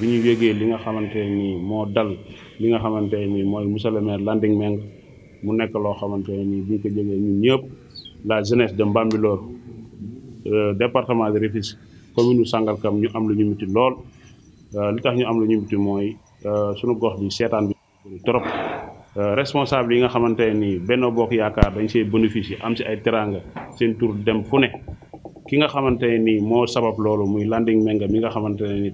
bi ñu yégee li nga xamante ni moo dal li nga xamante ni landing meng mu nekk lo xamante ni bi ko jégee ñun ñëpp la jeunesse de mbambilor euh, département de Rufisque commune kam ñu am lu ñu miti lool euh, li tax ñu am lu ñu miti euh suñu gox bi seetaan bi trop euh, responsable yi nga xamante ni benn bokk dañ ci bénéficier am ci ay teranga seen tour dem fu ne ki nga xamante ni sabab loolu muy landing menga mi nga xamante ni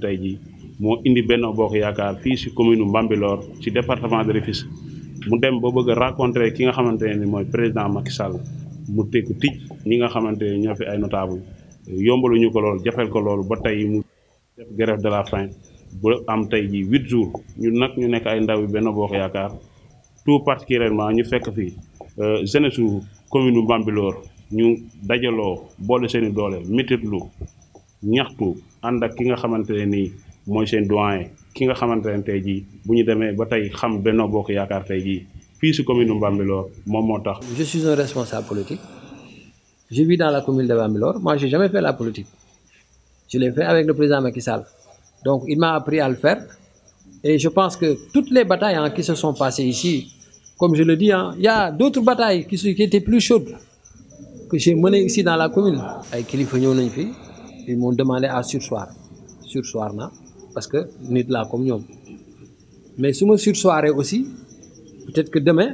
moo indi benn Bokk Yaakaar fii si commune Bambilor ci département de Rufisque mu dem ba bëgg a rencontrer ki nga xamante ne ni mooy président Macky Sall mu tekk tij ñi nga xamante ne ñoo fi ay notable ñu ko lool jafel ko loolu ba tey mu def de la faim bu am tey ji huit jours ñun nag ñu nekk ay ndaw yi Benno Bokk Yaakaar tout particulièrement ñu fekk fii euh, jeunesse su commune Bambilor ñu dajaloo boole seen i doole métitlu ñaxtu ànd ki nga xamante nii je suis un responsable politique je vis dans la commune de Bamilor. moi j'ai jamais fait la politique je l'ai fait avec le président Macky Sall donc il m'a appris à le faire et je pense que toutes les batailles hein, qui se sont passées ici comme je le dis hein, il y a d'autres batailles qui qui étaient plus chaudes que j'ai menées ici dans la commune. ay kilifa ils m'ont demandé à sursoir sursoir na parce que nit là comme nous. mais sur ma soirée aussi peut-être que demain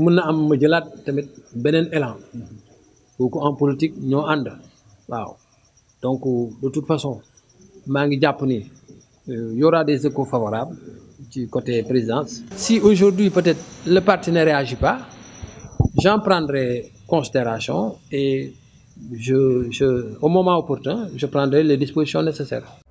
mën na am ma élan en politique nous ànd waaw donc de toute façon maa ngi il euh, y aura des échos favorables du côté présidence. Si aujourd'hui peut-être le parti ne réagit pas, j'en prendrai considération et au moment opportun, je prendrai les dispositions nécessaires.